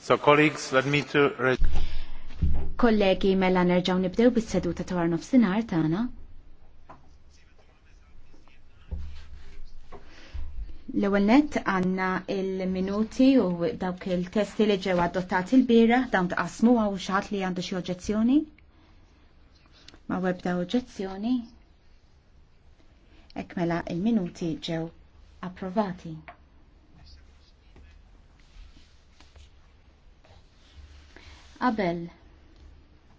So colleagues, let me to... Kollegi, mela nerġaw nibdew bis-seduta ta' warnof sinar tagħna. L-ewwel nett għandna il-minuti u dawk il-testi li ġew adottati l-bira dawn tqasmu għaw xi ħadd li għandu xi oġġezzjoni? ma webda oġġezzjoni ekmela il-minuti ġew approvati. Qabel